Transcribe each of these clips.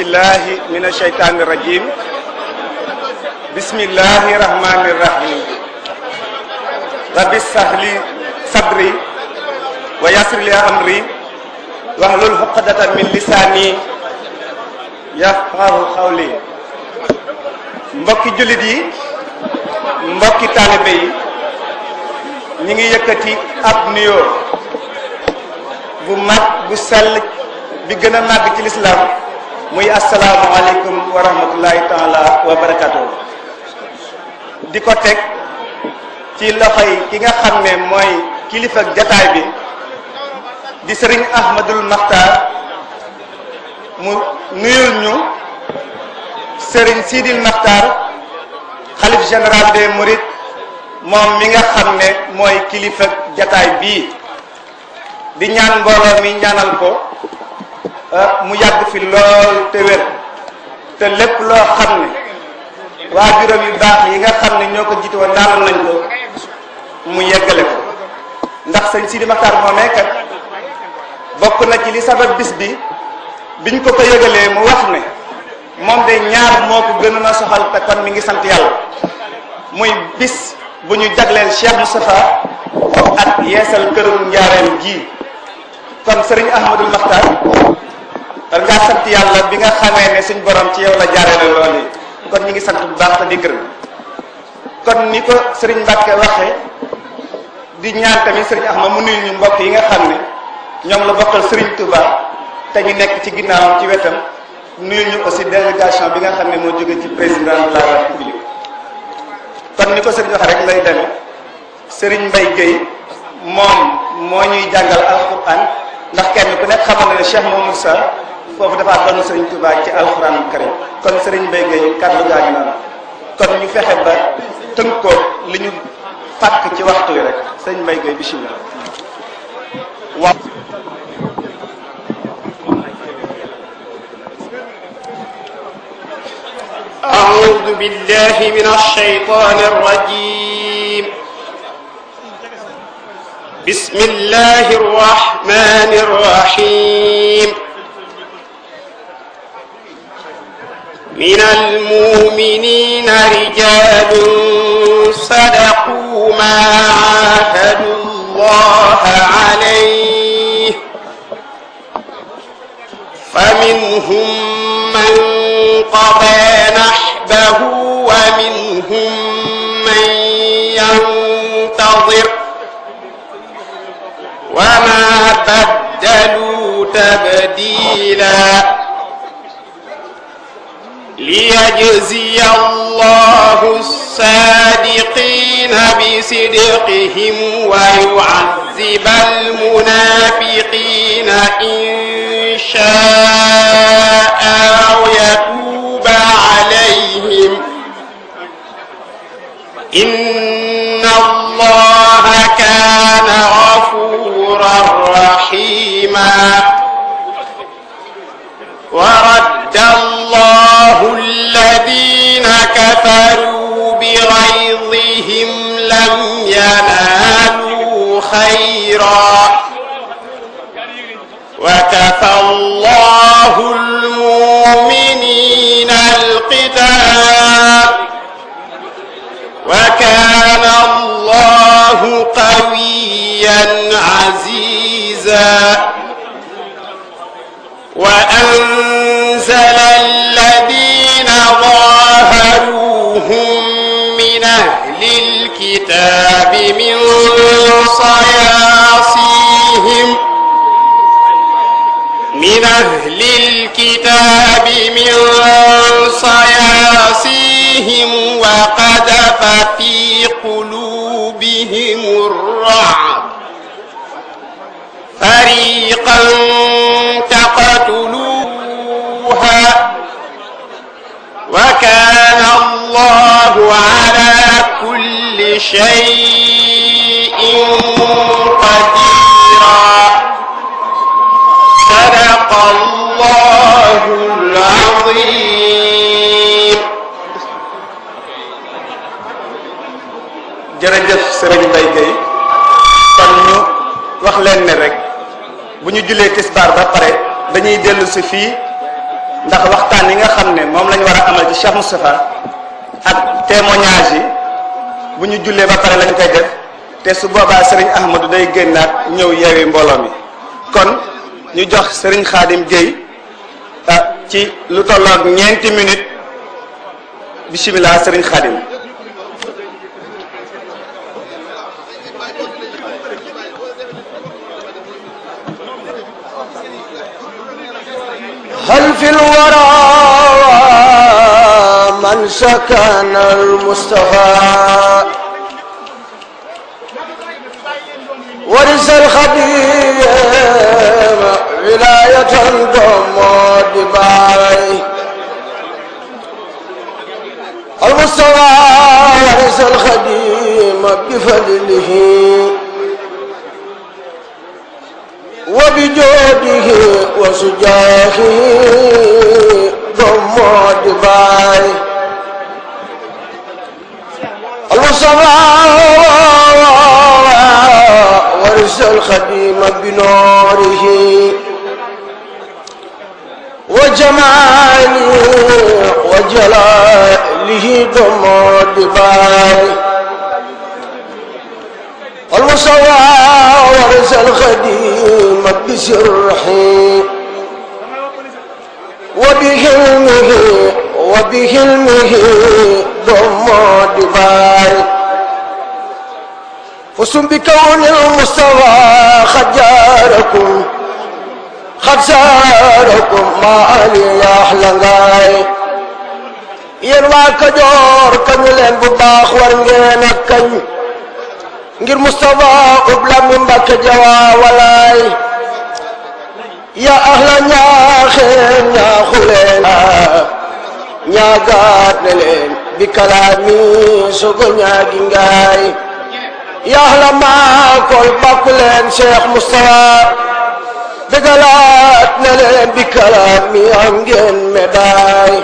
billahi min asheytaani rajim bismillahi rahmani sadri wa yasri li amri wahlul xuqdatan min lisaani yafqahu xawli mbokki jullit mbokki taalibe yi ñi ngi yëkkati ab nuyoo bu mag bu sell bi gën a màgg ci muy asalaamualeykum wa rahmatullahi taala wa di ko teg ci loxoy ki nga xam ne mooy kilifa jataay bi di sëriñ ahmadul maxtaar mu nuyul ñu sëriñ siidil maxtaar xalif général des mourides moom mi nga xam ne mooy kilifa jataay bi di ñaan mbooloo mi ñaanal ko Ah, mu yàgg fi lool te wér te lépp loo xam ne waajuram yu baax yi nga xam ne ñoo ko jiite woon nañ ko mu yeggale ko ndax sëñ Sidi Maxtaar moomee kat bokk na ci li sabab bis bi biñ ko ko yëgalee mu wax ne moom de ñaar moo ko gënoon a soxal te kon mi ngi sant yàlla muy bis bu ñu jagleel Cheikh Moustapha ak yeesal kërum njaareem ji kon sëriñ Ahmadul Maxtaar war ngaa sant yàlla bi nga xamee ne suñ borom ci yow la jaarale lool yi kon ñu ngi sant bu baax te di gërëm kon ni ko sëriñ Mbàkke waxee di ñaan tamit sëriñ Axma mu nuyu mbokk yi nga xam ne ñoom la bokkal sëriñ Touba te ñu nekk ci ginnaawam ci wetam nuyu ñu aussi délégation bi nga xam ne moo jóge ci président de la république kon ni ko sëriñ wax rek lay demee sëriñ Mbay Guèye moom moo ñuy jàngal alquran ndax kenn ku nekk xamal na ne Cheikh Mamadou Sa foofu dafa doon sëriñ Tuubaa ci alxuraan karim kon sëriñ Mbaye Gueye kàddu gaa ngi noonu kon ñu fexe ba tënkoo li ñu fàkk ci waxtu wi rek sëriñ Mbaye Gueye bisimilah waaw أعوذ بالله من الشيطان الرجيم بسم الله الرحمن الرحيم من المؤمنين رجال صدقوا ما عاهدوا الله عليه فمنهم من قضى نحبه ومنهم من ينتظر وما بدلوا تبديلاً ليجزي الله الصادقين بصدقهم ويعذب المنافقين إن شاء ويتوب عليهم إن الله كان غفورا رحيما ورد الله الذين كفروا بغيظهم لم ينالوا خيرا وكفى الله المؤمنين القتال وكان الله قويا عزيزا وأنزل صياصيهم من أهل الكتاب من صياصيهم وقذف في قلوبهم الرعب فريقا تقتلوها وكان الله على كل شيء jërëjëf sëriñ Mbaye Gueye kon ñu wax leen ne rek bu ñu jullee tisbaar ba pare dañuy dellu si fii ndax waxtaan yi nga xam ne moom lañ war a amal ci Cheikh Moustapha ak témoignage yi bu ñu jullee ba pare lañ koy def te su boobaa sëriñ Ahmadou day génnaat ñëw yeewi mbooloo mi kon ñu jox sëriñ Xaadim Guèye ah, ci lu tolloog ñeenti minutes bisimilah sëriñ Xaadim هل في الورى من سكن المصطفى ورث الخديم ولاية ضم دبي المصطفى ورث الخديم بفضله وبجوده وسجاهه ضم دبي المصطفى أرس الخديم بنوره وجماله وجلاله ضم بباره والمصوى ورث الخديم بسرحه وبهلمه وبهلمه ضم دباره وسم بكون المصطفى قد جاركم قد زاركم ما علي يا أحلى ngaay yéen waa Kajoor kañu leen bu baax war ngeen ak kañ ngir Moustapha ubla mi Mbàkke jawaa walaay ya ahla ñaaxeen ñaaxuleen ñaagaat ne leen bi kalaami sogo ñaagi ngaay yàlla maa koy bàkk leen Cheikh Moustapha dëggalaat ne leen bi kalaam mi am ngeen médaille.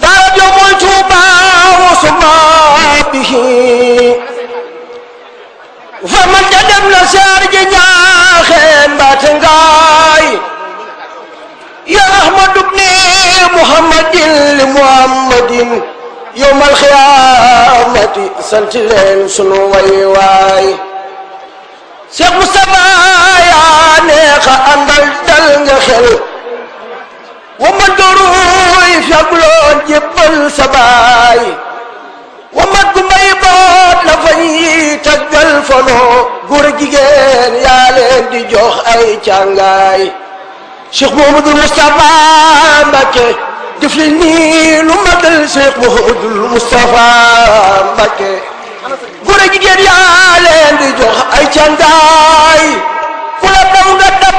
dara jo mooy Tuuba wasuma bihi. fa man ja dem na seer ji ñaaxee mbaate ngaay. ya bni Muhammadin li Muhammadin. yowmal xiyaamati sant leen sunu way waay Cheikh Moustapha yaa neex dal nga xel wa ma doruy fegloon jébbal sa baay wa mat gu boot la fa ñuy taggal jigéen yaa leen di jox ay càngaay Cheikh Mouhamadou Moustapha Mbacké jëf leen nii lu magal Cheikh Mouhamadoul Moustapha Mbacké góor ak jigéen yaa leen di jox ay candaay ku la dab nga dab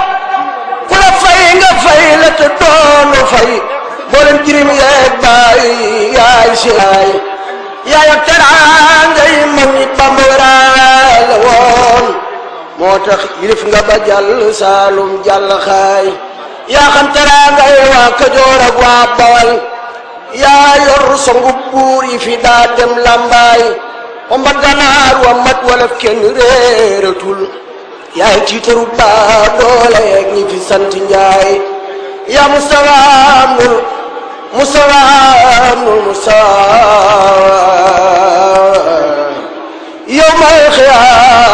ku la fay nga fay la te doonu fay mboolem jirim yeeg baay yaay siyaay yaay ak teraanga yi mag ñi Bambara la woon moo tax yilif nga ba jàll Saalum jàll xaay yaa xam teraangay waa Kajoor ak waa Bawal yaa yor songu yi fi daa dem làmbaay omba ganaar wa mat wala kenn réeratul yaay tiitaru baa doole yeeg ñi fi sant njaay yaa musawaamul musawaamul musawaam yow may xiyaam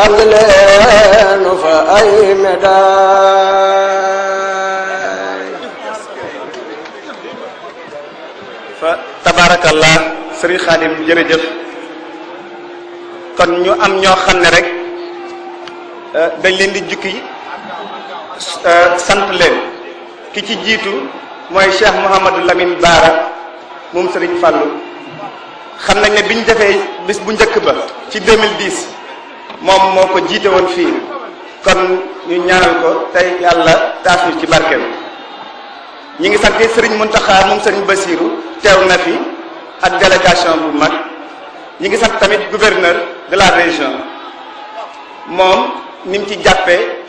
ragleen fa ay médaille fa tabarakallah sëriñ xaadim jërëjëf kon ñu am ñoo xam ne rek euh, dañ leen di jukki euh, sant leen ki ci jiitu mooy Cheikh Mouhamadou Lamine Baara moom sëriñ Fàllu xam nañ ne biñ jëfee bis bu njëkk ba ci 2010 moom moo ko jiite woon fii kon ñu ñaanal ko tey yàlla taas ñu ci barkeem ñu ngi sant sëriñ Muntaxa moom sëriñ Basiiru teew na fi ak délégation bu mag ñi ngi sant tamit gouverneur de la région moom ni mu ci jàppee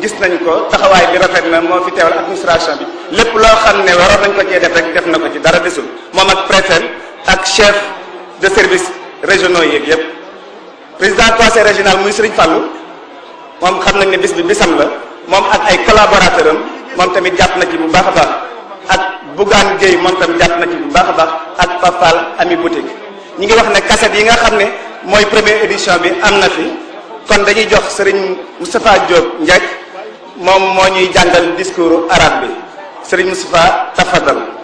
gis nañ ko taxawaay bi rafet na moo fi teewal administration bi lépp loo xam ne waroon nañ ko cee def rek def na ko ci dara desul moom ak préfet ak chef de service régionaux yeeg yëpp président conseil régional muy Serigne Fallou moom xam nañ ne bis bi bisam la moom ak ay collaborateur am moom tamit jàpp na ci bu baax a baax ak Bougane Gueye moom tamit jàpp na ci bu baax a baax ak Papal Ami Boutique ñi ngi wax ne cassette yi nga xam ne mooy première édition bi am na fi kon dañuy jox sëriñ Moustapha Diop Ndiack moom moo ñuy jàngal discours arabe bi Serigne Moustapha tafadal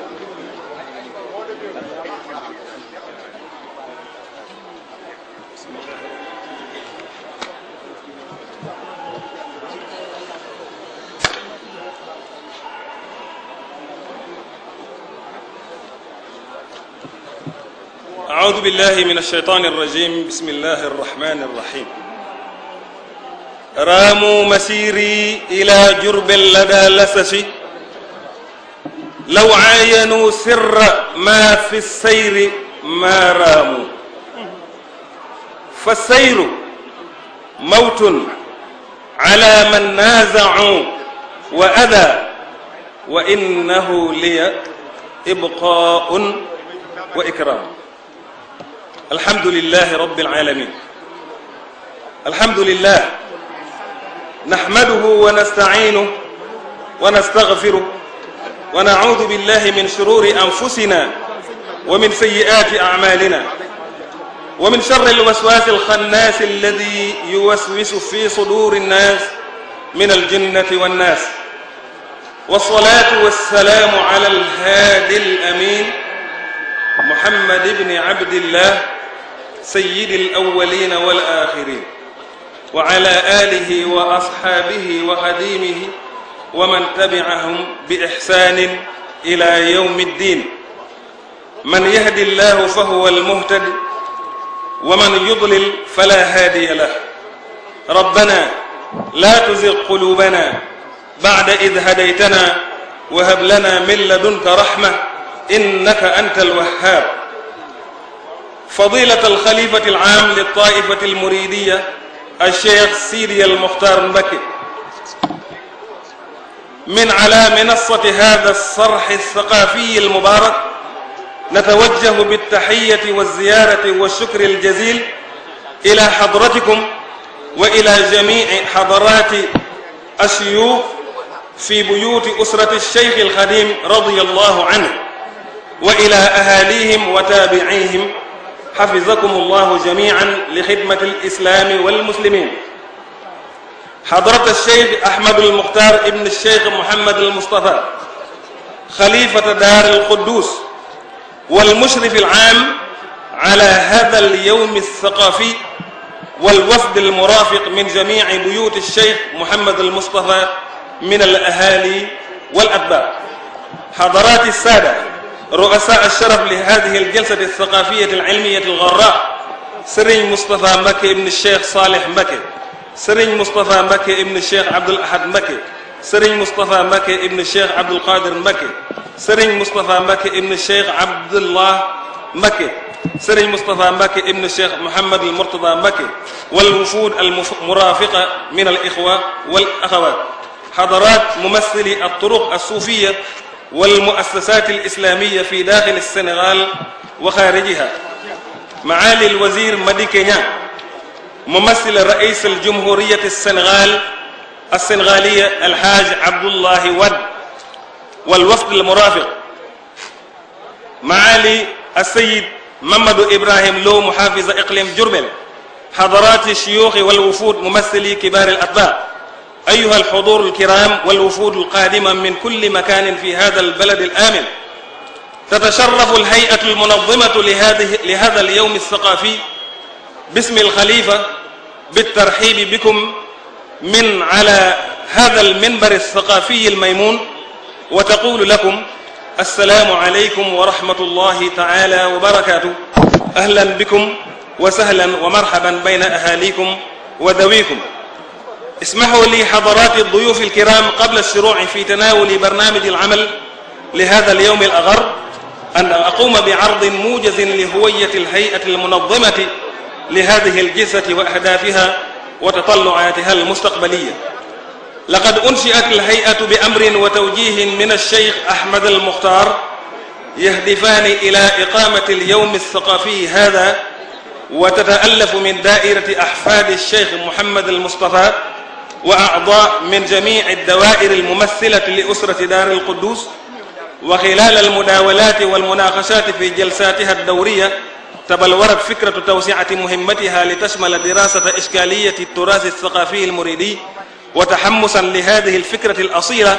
أعوذ بالله من الشيطان الرجيم بسم الله الرحمن الرحيم راموا مسيري إلى جرب لدى لسفي لو عاينوا سر ما في السير ما راموا فالسير موت على من نازعوا وأذى وإنه لي إبقاء وإكرام alhamdulillahi rabbil alamin alhamdulillah nahmaduhu wa nasta'inuhu wa nastaghfiruh wa na'udhu billahi min shururi anfusina wa min sayyiati a'malina wa min sharri alwaswasi alkhannas alladhi yuwaswisu fi suduri an-nas min al-jinnati wan-nas والصلاة والسلام على الهادي الأمين محمد بن عبد الله سيد الأولين والآخرين وعلى آله وأصحابه وخديمه ومن تبعهم بإحسان إلى يوم الدين من يهد الله فهو المهتد ومن يضلل فلا هادي له ربنا لا تزغ قلوبنا بعد إذ هديتنا وهب لنا من لدنك رحمة إنك أنت الوهاب fadilat alxalifati alam liltaifati almuridiya alcheikh Sidi Almuxtaar Mbakke min ala minasati hada alsarx alsaqafiy almubarak natawajjahu biltaxiyati walziyarati walshukri aljazil ila xadratikum wa ila jamici xadarati ashuyuux fi buyuti usrati alcheikh alxadim radi allahu anhu wa ila ahalihim wa taabicihim حفظكم الله جميعا لخدمة الإسلام والمسلمين حضرة الشيخ أحمد المختار ابن الشيخ محمد المصطفى خليفة دار القدوس والمشرف العام على هذا اليوم الثقافي والوفد المرافق من جميع بيوت الشيخ محمد المصطفى من الأهالي والأتباع حضرات السادة رؤساء الشرف لهذه الجلسة الثقافية العلمية الغراء سرين مصطفى مكي ابن الشيخ صالح مكي سرين مصطفى مكي ابن الشيخ عبد الأحد مكي سرين مصطفى مكي ابن الشيخ عبد القادر مكي سرين مصطفى مكي ابن الشيخ عبد الله مكي سرين مصطفى مكي ابن الشيخ محمد المرتضى مكي والوفود المرافقة من الإخوة والأخوات حضرات ممثلي الطرق الصوفية والمؤسسات الإسلامية في داخل السنغال وخارجها معالي الوزير مدي كينيا ممثل رئيس الجمهورية السنغال السنغالية الحاج عبد الله ود والوفد المرافق معالي السيد محمد إبراهيم لو محافظ إقليم جرمل حضرات الشيوخ والوفود ممثلي كبار الأطباء أيها الحضور الكرام والوفود القادمة من كل مكان في هذا البلد الآمن تتشرف الهيئة المنظمة لهذه لهذا اليوم الثقافي باسم الخليفة بالترحيب بكم من على هذا المنبر الثقافي الميمون وتقول لكم السلام عليكم ورحمة الله تعالى وبركاته أهلا بكم وسهلا ومرحبا بين أهاليكم وذويكم اسمحوا لي حضرات الضيوف الكرام قبل الشروع في تناول برنامج العمل لهذا اليوم الأغر أن أقوم بعرض موجز لهوية الهيئة المنظمة لهذه الجلسة وأهدافها وتطلعاتها المستقبلية لقد أنشئت الهيئة بأمر وتوجيه من الشيخ أحمد المختار يهدفان إلى إقامة اليوم الثقافي هذا وتتألف من دائرة أحفاد الشيخ محمد المصطفى wa a'daa min jamii'i ad-dawaa'ir al-mumassilati li usrati Daar al-Quddus wa xilaal al-mudaawalaati wal-munaaqashaati fi jalsaatiha ad-dawriyya tabalwarat fikratu tawsi'ati muhimmatiha li tashmala diraasata ishkaaliyyati at-turaas ath-thaqaafi al-muriidi wa tahammusan li haadihi al-fikrati al-asiila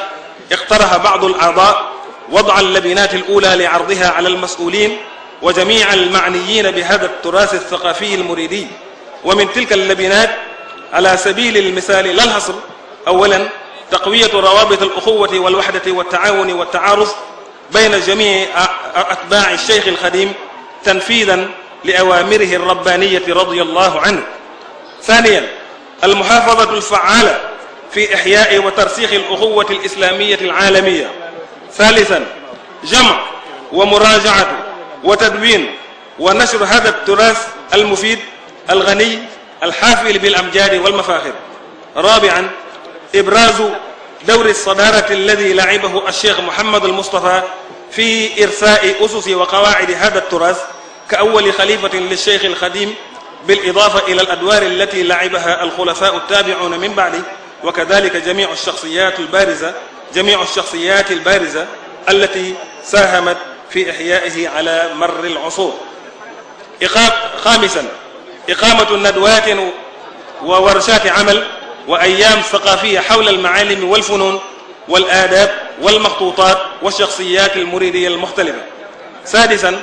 iqtaraha ba'du al-a'daa وضع اللبنات الأولى لعرضها على المسؤولين وجميع المعنيين بهذا التراث الثقافي المريدي ومن تلك اللبنات ala sabili almisaali la alhasr awalan taqwiyatu rawabit aluxuwati walwaxdati waltacaawuni waltacaaruf bayna jamici atbaaci alcheikh alxadim tanfidan li awaamirihi alrabbaniyati radi allahu anhu ثانيا المحافظة الفعالة في إحياء وترسيخ الأخوة الإسلامية العالمية ثالثا جمع ومراجعة وتدوين ونشر هذا التراث المفيد الغني alxaafil bil amjaadi wal mafaaxir rabian ibraazu dawri sadaarati alladi lacibahu alcheikh Mouhamad al Moustapha fi irsaai ususi wa qawaacidi hada turaas ka awali xalifatin li cheikh alxadim بالإضافة إلى الأدوار التي لعبها الخلفاء التابعون من بعده وكذلك جميع الشخصيات البارزة جميع الشخصيات البارزة التي ساهمت في إحيائه على مر العصور خامسا iqamatu ندوات وورشات عمل وأيام ثقافية حول المعالم والفنون والآداب والمخطوطات والشخصيات المريدية المختلفة سادسا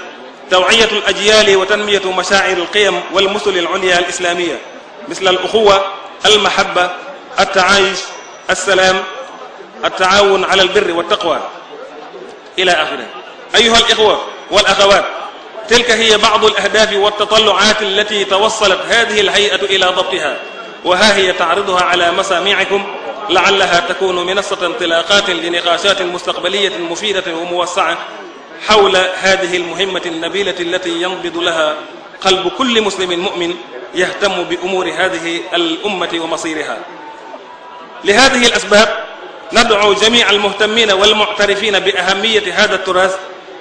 توعية الأجيال وتنمية مشاعر القيم والمثل العليا الإسلامية مثل الأخوة المحبة التعايش السلام التعاون على البر والتقوى إلى آخره أيها الإخوة والأخوات تلك هي بعض الأهداف والتطلعات التي توصلت هذه الهيئة إلى ضبطها وها هي تعرضها على مسامعكم لعلها تكون منصة انطلاقات لنقاشات مستقبلية مفيدة وموسعة حول هذه المهمة النبيلة التي ينبض لها قلب كل مسلم مؤمن يهتم بأمور هذه الأمة ومصيرها لهذه الأسباب ندعو جميع المهتمين والمعترفين بأهمية هذا التراث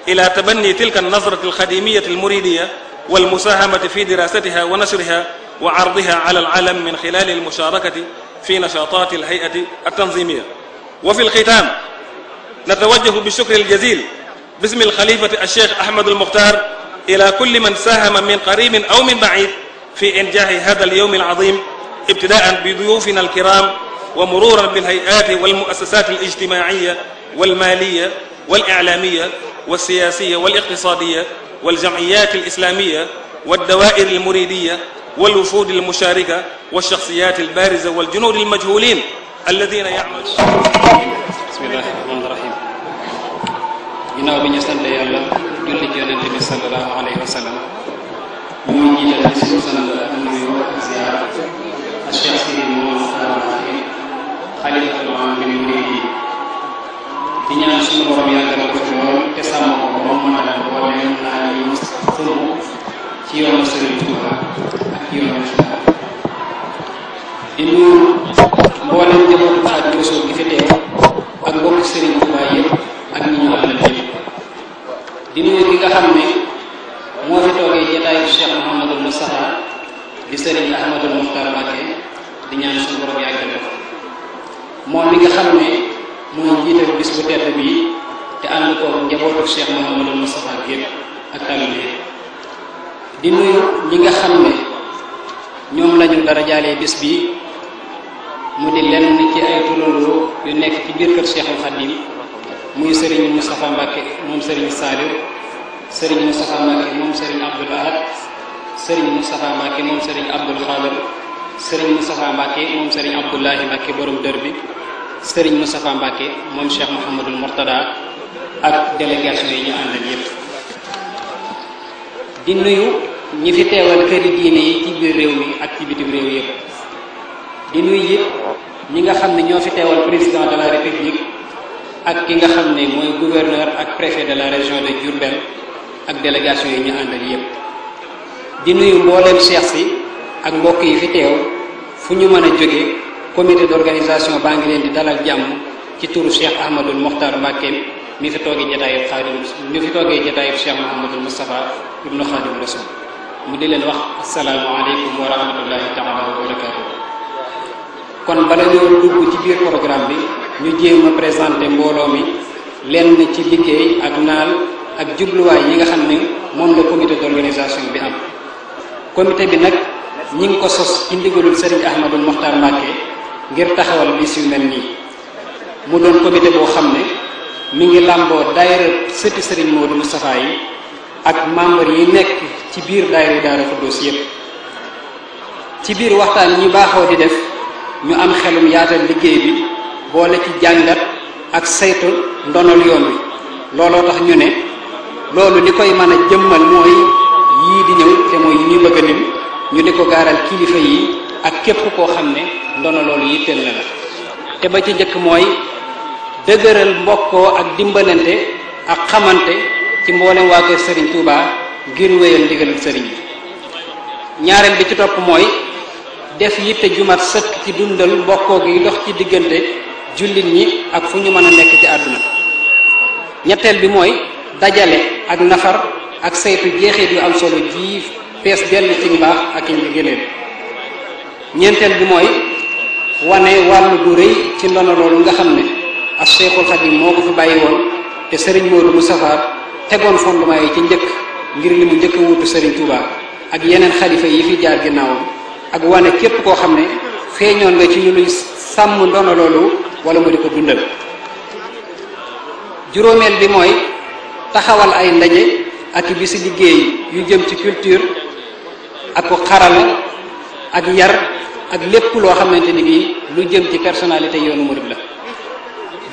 ila tabanni tilka an-nazrati al-khadimiyyati al-muridiyya wal musahamati fi dirasatiha wa nashriha wa ardiha ala al-alam min khilal al-musharakati fi nashatat al-hay'ati at-tanzimiyya wa fi al-khitam natawajjahu bi-shukri al-jazil باسم الخليفة الشيخ أحمد المختار إلى كل من ساهم من قريب أو من بعيد في إنجاح هذا اليوم العظيم ابتداء بضيوفنا الكرام ومرورا بالهيئات والمؤسسات الاجتماعية والمالية والإعلامية والسياسية والاقتصادية والجمعيات الإسلامية والدوائر المريدية والوفود المشاركة والشخصيات البارزة والجنود المجهولين الذين يعملون بسم الله الرحمن الرحيم ginnaaw bi ñu sant yàlla julli ci yonent bi sallallahu alayhi wa sallam ñu ngi jiital ci suñu sant ak nuyu ak ziyaar ak Cheikh Sidi Mouhamed Xalifa bi di ñaan suñu borom yàggal ko ci moom te sàmm ko ba mu mën a ko ba leen naa yi mu sëmm ci yoonu Sëriñ Tuuba ak yoonu Islam di nuyu mboolem njabootu Xaadimu Rasuul gi fi teew ak mbokk Sëriñ Tuuba yëpp ak ñi ñu àndal yëpp di nuyu ki nga xam ne moo fi toogee jataayu Cheikh Mouhamadou Moustapha di Sëriñ Ahmadou Mokhtar Mbacké di ñaan suñu borom yàggal ko moom mi nga xam ne mënoon jiital bis bu tedd bii te ànd ko njabootu Cheikh Mouhamadou Moustapha bi yëpp ak taalibe di nuyu ñi nga xam ne ñoom lañu dara jaalee bis bi mu di lenn ci ay turandoo yu nekk ci biir kër Cheikhul Khadim muy Serigne Moustapha Mbacke moom Serigne Saliou Serigne Moustapha Mbacke moom Serigne Abdoul Ahad sëriñ Moustapha Mbacke moom Serigne Abdoul Khadir Serigne Moustapha Mbacke moom Serigne Abdoulahi Mbacke borom dër bi sëriñ Moustapha Mbacke moom Cheikh Mouhamadul Mourtada ak délégation yi ñu àndal yépp di nuyu ñi fi teewal këri gi yi ci réew mi ak ci bitim réew yépp di nuyu yépp ñi nga xam ne ñoo fi teewal président de la république ak ki nga xam ne mooy gouverneur ak préfet de la région de Diourbel ak délégation yi ñu àndal yépp di nuyu mbooleem Cheikh si ak mbokk yi fi teew fu ñu mën a jóge comité d'organisation baa ngi leen di dalal jàmm ci turu Cheikh Ahmadul Mokhtar Mbacke mi fi toogee jotaayu Xaadim mi fi toogee jotaayu Cheikh Mouhamadul Moustapha ibnu Xaadim Rasul mu di leen wax asalaamualeykum wa rahmatullahi taala wa barakaatu kon bala ñoo dugg ci biir programme bi ñu jéem a présenté mbooloo mi lenn ci liggéey ak naal ak jubluwaay yi nga xam ne moom la comité d'organisation bi am comité bi nag ñi ngi ko sos ci ndigalul Serigne Ahmadul Mokhtar ngir taxawal bis yu mel nii mu doon comité boo xam ne mu ngi làmboo daayira sëti moo Modou Moustapha yi ak membre yi nekk ci biir daayira Daara Xuddoos yépp ci biir waxtaan yi baaxoo di def ñu am xelum yaatal liggéey bi boole ci jàngat ak saytu ndonol yoon wi looloo tax ñu ne loolu di koy mën a jëmmal mooy yii di ñëw te mooy yi ñuy bëgg a lim ñu di ko gaaral kilifa yi ak képp koo xam ne ndono loolu yitteel na la te ba ci jëkk mooy dëgëral mbokkoo ak dimbalante ak xamante ci mboolem waa kër sëriñ Touba ngir wéyal ndigalal Serigne bi ñaareel bi ci topp mooy def yitte jumat sëkk ci dundal mbokkoo gi ndox ci diggante jullit ñi ak fu ñu mën a nekk ci àdduna ñetteel bi mooy dajale ak nafar ak saytu jeexit yu am solo ji fees dell ci mbaax ak i ngëneel ñeenteel bi mooy wane wàllu gu rëy ci ndono loolu nga xam ne ak Cheikhul Khadim moo ko fi bàyyi woon te Serigne Modou Moustapha tegoon fondement yi ci njëkk ngir li mu njëkk a wuutu Serigne ak yeneen xalifa yi fi jaar ginnaawam ak wane képp koo xam ne feeñoon nga ci ñu luy sàmm ndono loolu wala mu di ko dundal juróomeel bi mooy taxawal ay ndaje ak bisi liggéey yu jëm ci culture ak xaral ak yar ak lépp loo xamante ni bii lu jëm ci personnalité yoonu murid la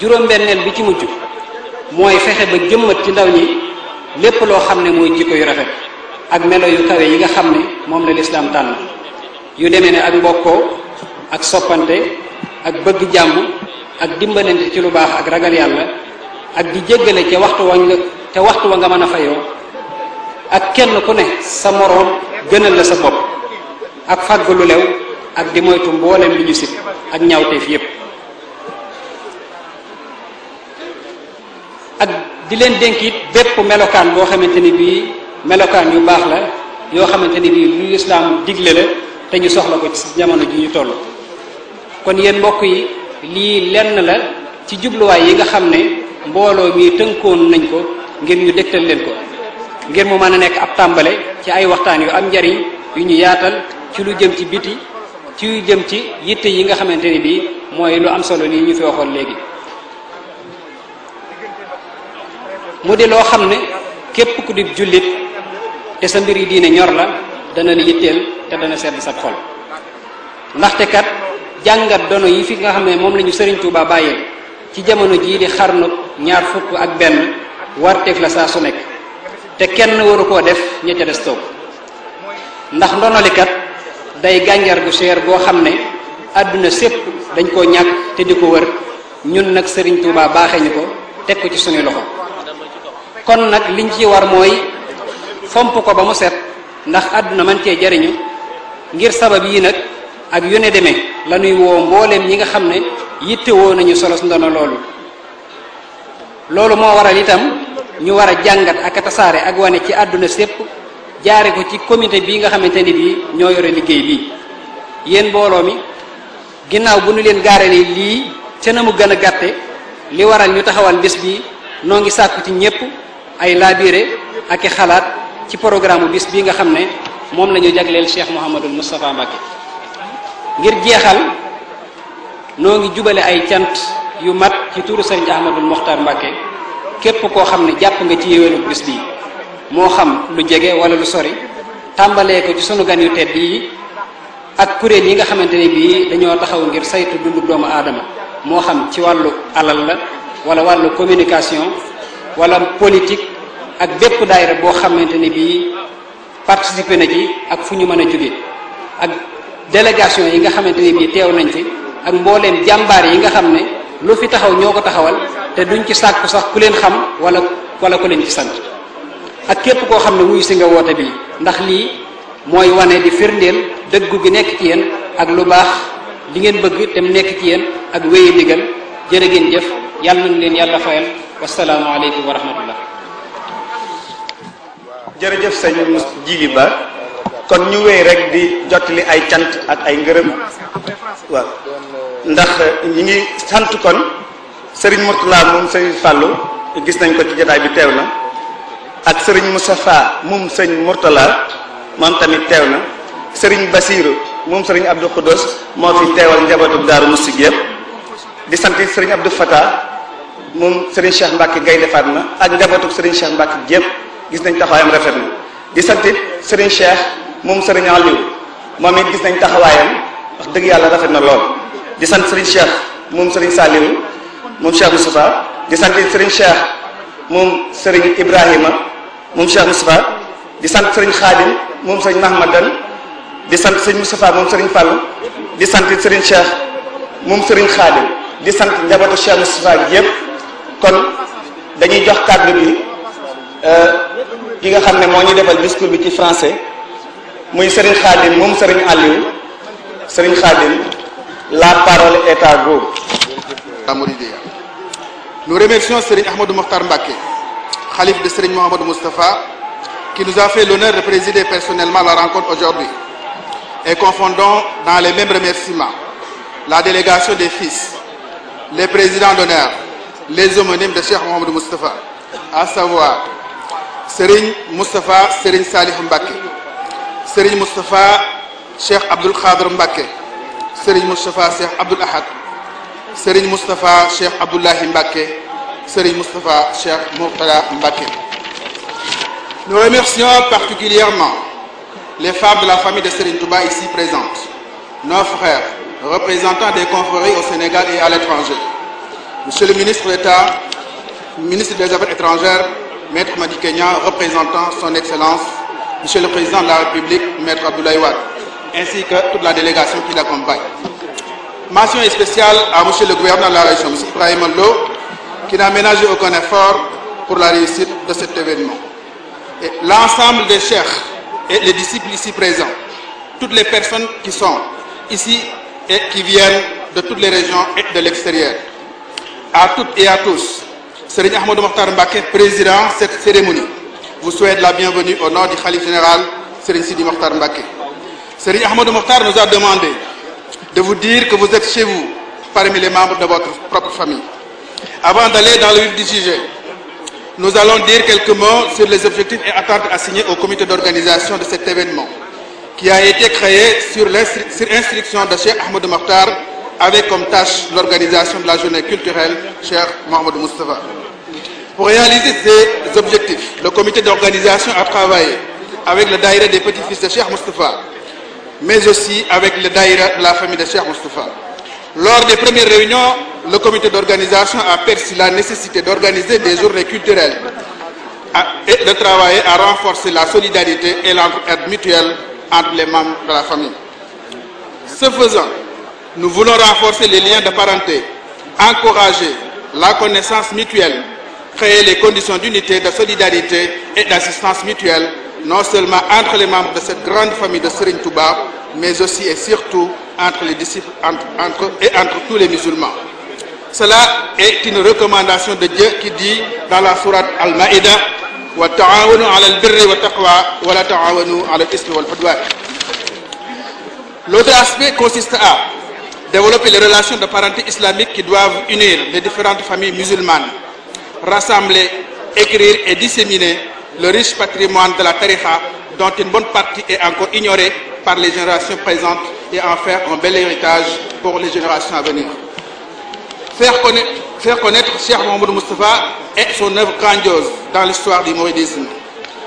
juróom-benneel bi ci mujj mooy fexe ba jëmmat ci ndaw ñi lépp loo xam ne mooy jikko yu rafet ak melo yu kawe yi nga xam ne moom la lislaam tànn yu demee ne ak mbokkoo ak soppante ak bëgg jàmm ak dimbalante ci lu baax ak ragal yàlla ak di jéggale ca waxtu wa nga ca waxtu wa nga mën a fayoo ak kenn ku ne sa moroom gënal la sa bopp ak fàgg lu lew ak di moytu mbooleem li ñu sib ak ñaawteef yépp ak di leen dénkit it bépp melokaan boo xamante ni bii melokaan yu baax la yoo xamante ni bii lu islaam digle la te ñu soxla ko ci jamono ji ñu toll kon yéen mbokk yi lii lenn la ci jubluwaay yi nga xam ne mbooloo mi tënkoon nañ ko ngir ñu dégtal leen ko ngir mu mën a nekk ab tàmbale ci ay waxtaan yu am njariñ yu ñu yaatal ci lu jëm ci biti ci yu jëm ci yitte yi nga xamante ni bii mooy lu am solo nii ñu fi waxoon léegi mu di loo xam ne képp ku di jullit te sa mbir yi diine ñor la dana la yitteel te dana sedd sa xol ndaxte kat jàngat dono yi fi nga xam ne moom la ñu Sëriñ Tuubaa bàyyee ci jamono jii di xarnu ñaar fukk ak benn warteef la saa su nekk te kenn waru koo def ña des toog ndax ndonolikat day gànjar gu seer boo xam ne àdduna sépp dañ koo ñàkk te di ko wër ñun nag sëriñ Touba baaxee ñu ko teg ko ci suñu loxo kon nag liñ ci war mooy fomp ko ba mu set ndax àdduna man cee jariñu ngir sabab yi nag ak yu ne demee la woo mbooleem ñi nga xam ne yittewoo nañu solos ndono loolu loolu moo waral itam ñu war a jàngat ak tasaare ak wane ci àdduna sépp jaare ko ci comité bi nga xamante ni bii ñoo yore liggéey bi yéen mbooloo mi ginnaaw bu ñu leen gaaralee lii ca na mu gën gàtte li waral ñu taxawal bis bi noo ngi sàkku ci ñépp ay laabire ak i xalaat ci programme bis bi nga xam ne moom la ñu jagleel Cheikh Mouhamadul Moustapha Mbacké ngir jeexal noo ngi jubale ay cant yu mat ci turu Serigne Ahmadul Mokhtar Mbacké képp koo xam ne jàpp nga ci yéwénu bis bi moo xam lu jege wala lu sori tàmbalee ko ci sunu gan yu tedd yi ak kuréel yi nga xamante ni bii dañoo taxaw ngir saytu dundu doomu aadama moo xam ci wàllu alal la wala wàllu communication wala politique ak bépp daayira boo xamante ne bii participer na ci ak fu ñu mën a jóge ak délégation yi nga xamante ni bii teew nañ fi ak mbooleem jàmbaar yi nga xam ne lu fi taxaw ñoo ko taxawal te duñ ci sàkku sax ku leen xam wala wala ko leen ci sant ak képp koo xam ne wuyu si nga woote bi ndax lii mooy wane di firndeel dëggu gi nekk ci yéen ak lu baax li ngeen bëgg te mu nekk ci yéen ak wéye ndigal jërë ngeen jëf yàlla nañ leen yàlla fayal wasalaamu aleykum wa rahmatullah jërëjëf sëñ Jili Ba kon ñu wéy rek di jottali ay cant ak ay ngërëm waaw ndax ñi ngi sant kon sëriñ Murtala moom sëriñ Fàllu gis nañ ko ci jotaay bi teew na ak sëriñ Moustapha moom sëriñ Mourtala moom tamit teew na sëriñ Basiiru moom sëriñ Abdou Khoudous moo fi teewal njabootu Daaru Musti yëpp di sant sëriñ Abdou Fata moom sëriñ Cheikh Mbacke Gaynde Fatma ak njabootu sëriñ Cheikh Mbacke yëpp gis nañ taxawaayam rafet na di sant sëriñ Cheikh moom sëriñ Aliou moom it gis nañ taxawaayam wax dëgg yàlla rafet na lool di sant sëriñ Cheikh moom sëriñ Saliou moom Cheikh Moustapha di sant sëriñ Cheikh moom sëriñ Ibrahima. moom Cheikh Moustapha di sant sëriñ Xaadim moom sëriñ Mahmadan di sant sëriñ Moustapha moom sëriñ Fallou di sant sëriñ Cheikh moom sëriñ Xaadim di sant njabootu Cheikh Moustapha bi yëpp kon dañuy jox kàddu bi ki euh, nga xam ne moo ñu defal discours bi ci français muy sëriñ Xaadim moom sëriñ Aliou sëriñ Xaadim la parole est à Khalif de Serigne Mohamed Mustafa, qui nous a fait l'honneur de présider personnellement la rencontre aujourd'hui. Et confondons dans les mêmes remerciements la délégation des fils, les présidents d'honneur, les homonymes de Cheikh Mohamed Mustafa, à savoir Serigne Mustafa Serigne Salih Mbacké, Serigne Mustafa Cheikh Abdoul Khadr Mbacké, Serigne Mustafa Cheikh Abdoul Ahad, Serigne Mustafa Cheikh Serigne Moustapha Cheikh Mourtada Mbaké. Nous remercions particulièrement les femmes de la famille de Serigne Touba ici présentes, nos frères, représentants des confréries au Sénégal et à l'étranger. Monsieur le ministre d'État, ministre des Affaires étrangères, Maître Madi Kenya, représentant son Excellence, Monsieur le Président de la République, Maître Abdoulaye Wade, ainsi que toute la délégation qui l'accompagne. Mention spéciale à Monsieur le gouverneur de la région, Monsieur qui n'a ménagé aucun effort pour la réussite de cet événement. Et l'ensemble des chefs et les disciples ici présents, toutes les personnes qui sont ici et qui viennent de toutes les régions et de l'extérieur. À toutes et à tous, Serigne Ahmadou Mokhtar Mbacké, président de cette cérémonie, vous souhaite la bienvenue au nom du Khalife général Serigne Sidi Mokhtar Mbacké. Serigne Ahmadou Mokhtar nous a demandé de vous dire que vous êtes chez vous parmi les membres de Avant d'aller dans le vif du sujet, nous allons dire quelques mots sur les objectifs et attentes assignés au comité d'organisation de cet événement, qui a été créé sur l'instruction de Cheikh Ahmed Mokhtar avec comme tâche l'organisation de la journée culturelle Cheikh Mohamed Moustapha. Pour réaliser ces objectifs, le comité d'organisation a travaillé avec le daïra des petits-fils de Cheikh Moustapha, mais aussi avec le daïra de la famille de Cheikh le comité d'organisation a perçu la nécessité d'organiser des journées culturelles et de travailler à renforcer la solidarité et l'entraide mutuelle entre les membres de la famille. Ce faisant, nous voulons renforcer les liens de parenté, encourager la connaissance mutuelle, créer les conditions d'unité, de solidarité et d'assistance mutuelle, non seulement entre les membres de cette grande famille de Serigne Touba, mais aussi et surtout entre les disciples entre, entre, entre tous les musulmans. Cela est une recommandation de Dieu qui dit dans la sourate Al-Maïda wa taawanu ala al-birri wa taqwa al-ismi wal udwan. L'autre aspect consiste à développer les relations de parenté islamique qui doivent unir les différentes familles musulmanes, rassembler, écrire et disséminer le riche patrimoine de la tariqa dont une bonne partie est encore ignorée par les générations présentes et en faire un bel héritage pour les générations à venir. faire connaître, faire connaître Cheikh Mohamed Moustapha et son œuvre grandiose dans l'histoire du mouridisme.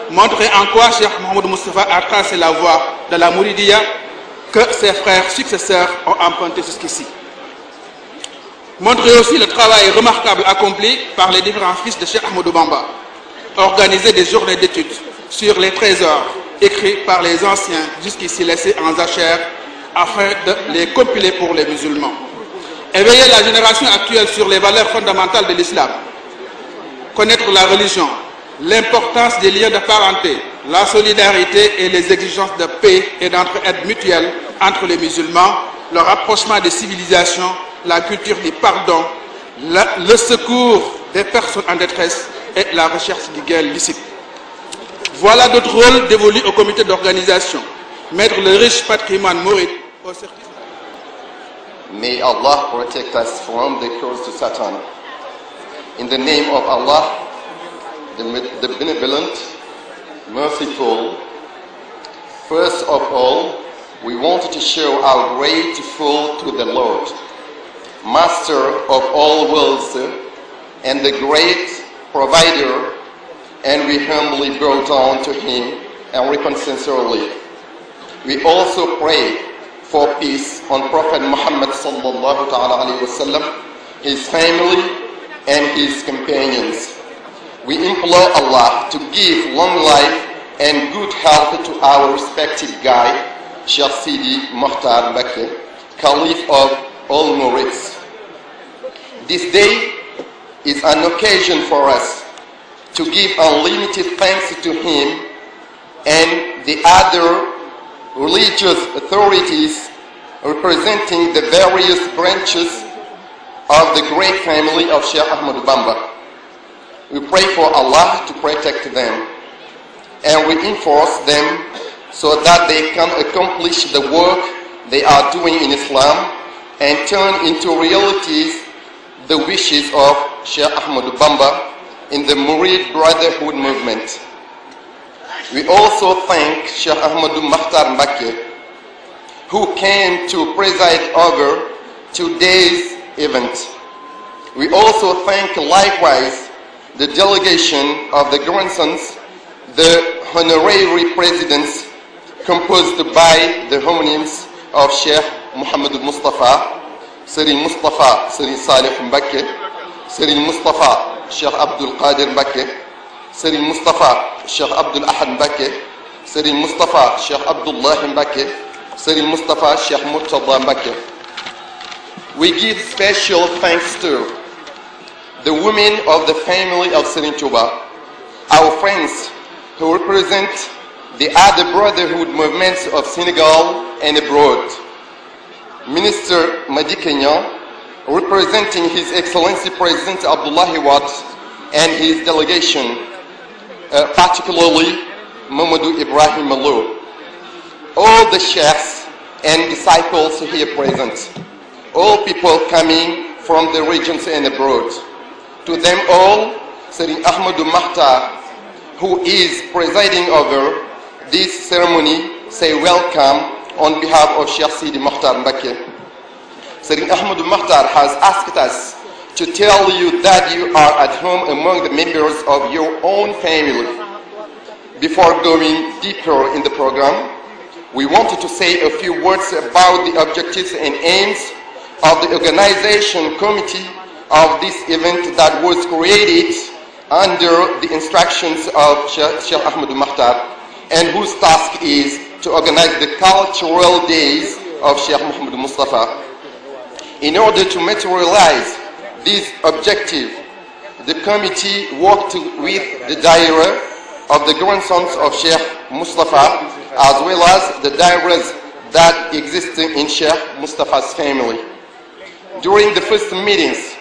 Montrer en quoi Cheikh Mohamed Moustapha a tracé la voie de la Mouridia que ses frères successeurs ont emprunté jusqu'ici. Montrer aussi le travail remarquable accompli par les différents fils de Cheikh Ahmadou Bamba. des journées d'études sur les trésors écrits par les anciens jusqu'ici laissés en jachère afin de les compiler pour les musulmans éveiller la génération actuelle sur les valeurs fondamentales de l'islam, connaître la religion, l'importance des liens de parenté, la solidarité et les exigences de paix et d'entraide mutuelle entre les musulmans, le rapprochement des civilisations, la culture du pardon, la, le secours des personnes en détresse et la recherche du gain licite. Voilà d'autres rôles dévolus au comité d'organisation, mettre le riche patrimoine maurite May Allah protect us from the curse to Satan. In the name of Allah, the, the benevolent, merciful, first of all, we want to show our grateful to the Lord, Master of all worlds, and the great provider, and we humbly bow down to him and reconcile. We also pray for peace on Prophet Muhammad sallallahu ta'ala alayhi wasallam, his family and his companions. We implore Allah to give long life and good health to our respected guide, Cheikh Sidi Mokhtar Mbacké, Caliph of all Murids. This day is an occasion for us to give unlimited thanks to him and the other religious authorities representing the various branches of the great family of Sheikh Ahmad Bamba. We pray for Allah to protect them and we enforce them so that they can accomplish the work they are doing in Islam and turn into realities the wishes of Sheikh Ahmad Bamba in the Murid Brotherhood movement. We also thank Sheikh Ahmadou Makhtar Mbake, who came to preside over today's event. We also thank likewise the delegation of the grandsons, the honorary presidents composed by the homonyms of Sheikh Muhammad Mustafa, Serigne Mustafa, Serigne Saleh Mbake, Serigne Mustafa, Sheikh Abdul Qadir Mbake, sëriñ Moustapha Cheikh Abdoul Ahad Mbacke sëriñ Moustapha Cheikh Abdoullahi Mbacke sëriñ Cheikh Murtada Mbacke. We give special thanks to the women of the family of Serigne Touba, our friends who represent the other brotherhood movements of Senegal and abroad. Minister Madi representing His Excellency President Abdoulaye Wade and his delegation uh, particularly Mamadou Ibrahim Lô, all the sheikhs and disciples here present, all people coming from the regions and abroad. To them all, Sëriñ Ahmadou Makhtar, who is presiding over this ceremony, say welcome on behalf of Sheikh Sidi Makhtar Mbacké. Sëriñ Ahmadou Makhtar has asked us to tell you that you are at home among the members of your own family. Before going deeper in the program, we wanted to say a few words about the objectives and aims of the organization committee of this event that was created under the instructions of Sheikh Ahmed Mahtab and whose task is to organize the cultural days of Sheikh Muhammad Mustafa in order to materialize this objective, the committee worked with the Daira of the grandsons of Sheikh Mustafa, as well as the Dairas that exist in Sheikh Mustafa's family. During the first meetings,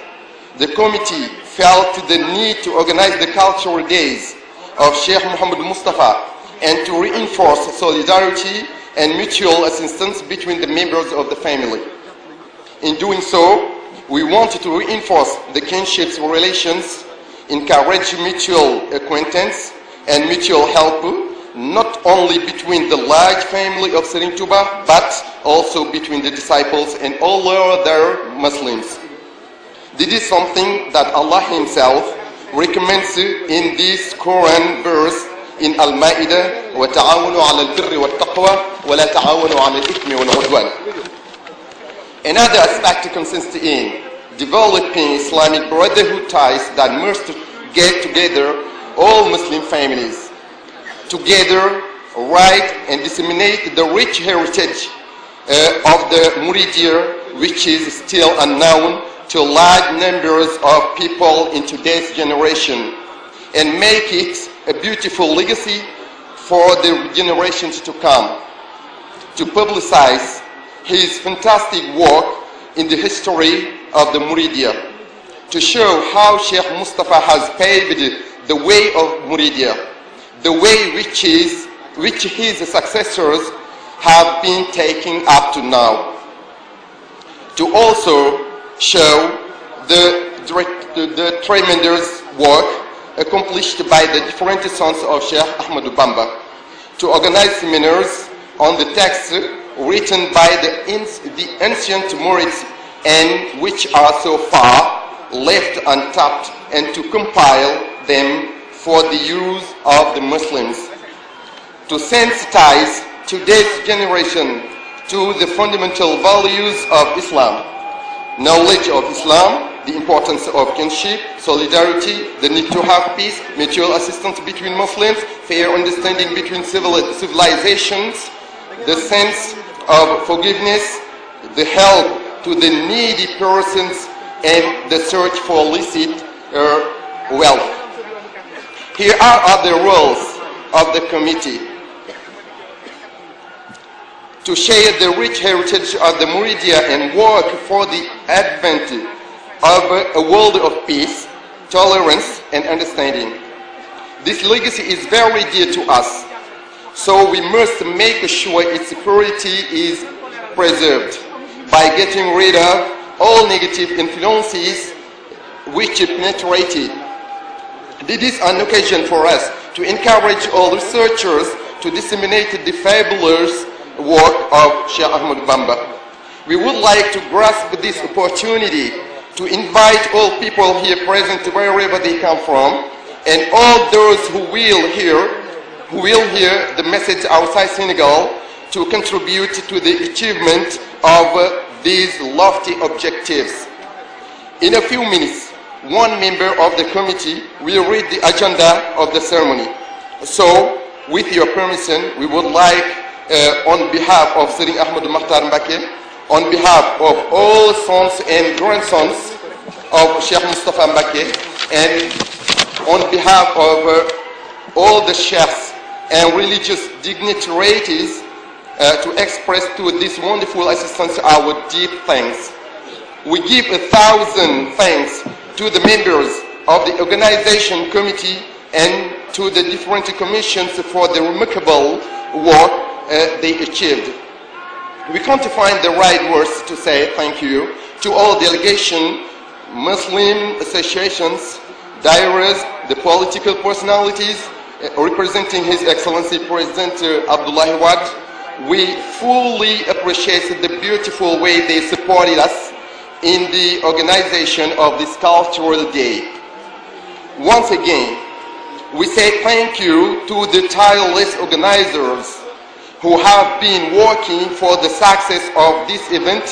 the committee felt the need to organize the cultural days of Sheikh Muhammad Mustafa and to reinforce solidarity and mutual assistance between the members of the family. In doing so, we want to reinforce the kinship relations, encourage mutual acquaintance and mutual help, not only between the large family of Sering Tuba, but also between the disciples and all other Muslims. This is something that Allah Himself recommends in this Quran verse in Al-Ma'idah, وَتَعَاوَنُوا عَلَى الْبِرِّ وَالتَّقْوَى وَلَا تَعَاوَنُوا عَلَى الْإِثْمِ وَالْعُدْوَانِ Another aspect consists in developing Islamic brotherhood ties that must get together all Muslim families together, write and disseminate the rich heritage uh, of the Muridir, which is still unknown to large numbers of people in today's generation, and make it a beautiful legacy for the generations to come. To publicize his fantastic work in the history of the Muridiya to show how Sheikh Mustafa has paved the way of Muridiya, the way which, his successors have been taking up to now. To also show the, the, work accomplished by the different sons of Sheikh Ahmadu Bamba, to organize seminars on the text written by the, the ancient Moritz and which are so far left untapped and to compile them for the use of the Muslims. To sensitize today's generation to the fundamental values of Islam, knowledge of Islam, the importance of kinship, solidarity, the need to have peace, mutual assistance between Muslims, fair understanding between civilizations, the sense of forgiveness, the help to the needy persons, and the search for illicit uh, wealth. Here are other roles of the committee. To share the rich heritage of the Meridia and work for the advent of a world of peace, tolerance, and understanding. This legacy is very dear to us So we must make sure its purity is preserved by getting rid of all negative influences which penetrate it. is an occasion for us to encourage all researchers to disseminate the fabulous work of Sheikh Ahmed Bamba. We would like to grasp this opportunity to invite all people here present wherever they come from and all those who will hear who will hear the message outside Senegal to contribute to the achievement of uh, these lofty objectives. In a few minutes, one member of the committee will read the agenda of the ceremony. So, with your permission, we would like, uh, on behalf of Serigne Ahmadou Makhtar Mbacké, on behalf of all sons and grandsons of Sheikh Moustapha Mbacké, and on behalf of uh, all the sheikhs and religious dignitaries uh, to express to this wonderful assistance our deep thanks. We give a thousand thanks to the members of the organization committee and to the different commissions for the remarkable work uh, they achieved. We can't find the right words to say thank you to all delegation, Muslim associations, dairas, the political personalities, Uh, representing His Excellency President uh, Abdullah Wad, we fully appreciate the beautiful way they supported us in the organization of this Cultural Day. Once again, we say thank you to the tireless organizers who have been working for the success of this event